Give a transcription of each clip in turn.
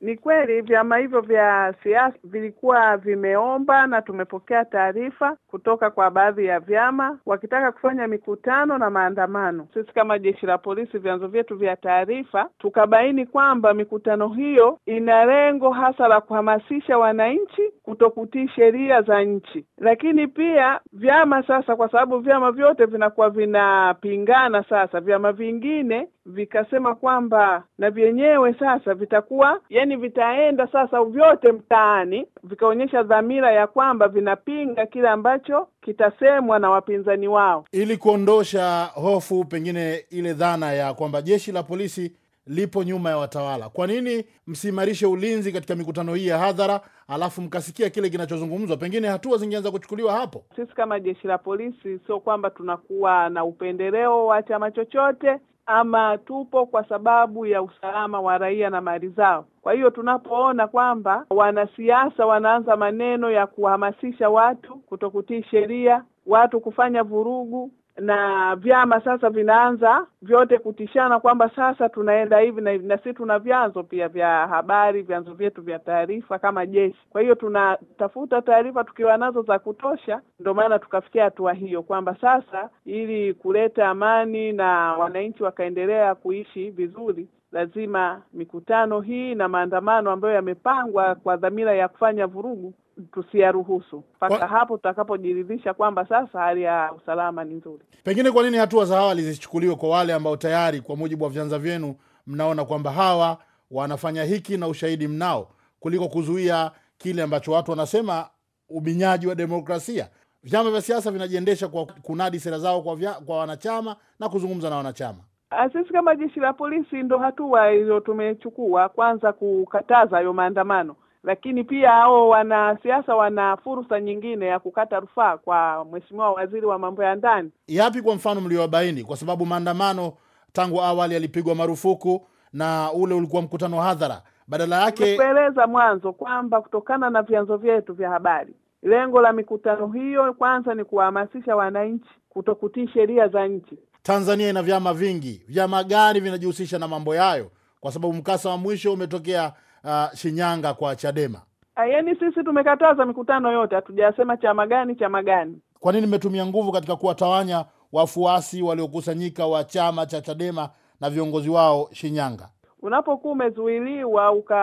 Ni kweli vyama hivyo vya siasa vilikuwa vimeomba na tumepokea taarifa kutoka kwa baadhi ya vyama wakitaka kufanya mikutano na maandamano. Sisi kama jeshi la polisi, vyanzo vyetu vya taarifa, tukabaini kwamba mikutano hiyo ina lengo hasa la kuhamasisha wananchi kutokutii sheria za nchi. Lakini pia vyama sasa, kwa sababu vyama vyote vinakuwa vinapingana, sasa vyama vingine vikasema kwamba na vyenyewe sasa vitakuwa yani, vitaenda sasa vyote mtaani, vikaonyesha dhamira ya kwamba vinapinga kile ambacho kitasemwa na wapinzani wao, ili kuondosha hofu, pengine ile dhana ya kwamba jeshi la polisi lipo nyuma ya watawala. Kwa nini msiimarishe ulinzi katika mikutano hii ya hadhara, alafu mkasikia kile kinachozungumzwa? Pengine hatua zingeanza kuchukuliwa hapo. Sisi kama jeshi la polisi, sio kwamba tunakuwa na upendeleo wa chama chochote ama tupo kwa sababu ya usalama wa raia na mali zao. Kwa hiyo tunapoona kwamba wanasiasa wanaanza maneno ya kuhamasisha watu kutokutii sheria, watu kufanya vurugu, na vyama sasa vinaanza vyote kutishana kwamba sasa tunaenda hivi na hivi, na si tuna vyanzo pia vya habari, vyanzo vyetu vya taarifa kama jeshi. Kwa hiyo tunatafuta taarifa tukiwa nazo za kutosha, ndio maana tukafikia hatua hiyo kwamba sasa, ili kuleta amani na wananchi wakaendelea kuishi vizuri, lazima mikutano hii na maandamano ambayo yamepangwa kwa dhamira ya kufanya vurugu tusiyaruhusu mpaka kwa... hapo tutakapojiridhisha kwamba sasa hali ya usalama ni nzuri. Pengine kwa nini hatua za awali zisichukuliwe kwa wale ambao tayari kwa mujibu wa vyanza vyenu mnaona kwamba hawa wanafanya hiki na ushahidi mnao, kuliko kuzuia kile ambacho watu wanasema ubinyaji wa demokrasia? Vyama vya siasa vinajiendesha kwa kunadi sera zao kwa, vya, kwa wanachama na kuzungumza na wanachama. Ah, sisi kama jeshi la polisi ndo hatua hiyo tumechukua, kwanza kukataza hayo maandamano lakini pia hao wanasiasa wana fursa nyingine ya kukata rufaa kwa mheshimiwa waziri wa mambo ya ndani. Yapi kwa mfano mliowabaini? Kwa sababu maandamano tangu awali yalipigwa marufuku na ule ulikuwa mkutano wa hadhara, badala yake kueleza mwanzo kwamba kutokana na vyanzo vyetu vya habari, lengo la mikutano hiyo kwanza ni kuwahamasisha wananchi kutokutii sheria za nchi. Tanzania ina vyama vingi, vyama gani vinajihusisha na mambo yayo? kwa sababu mkasa wa mwisho umetokea uh, Shinyanga kwa Chadema. Ah, yaani sisi tumekataza mikutano yote, hatujasema chama gani chama gani. Kwa nini mmetumia nguvu katika kuwatawanya wafuasi waliokusanyika wa chama cha Chadema na viongozi wao Shinyanga? Unapokuwa umezuiliwa uka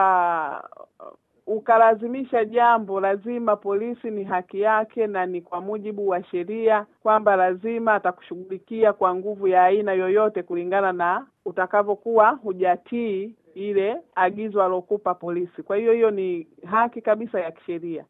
ukalazimisha jambo, lazima polisi, ni haki yake na ni kwa mujibu wa sheria kwamba lazima atakushughulikia kwa nguvu ya aina yoyote, kulingana na utakavyokuwa hujatii ile agizo alokupa polisi. Kwa hiyo hiyo ni haki kabisa ya kisheria.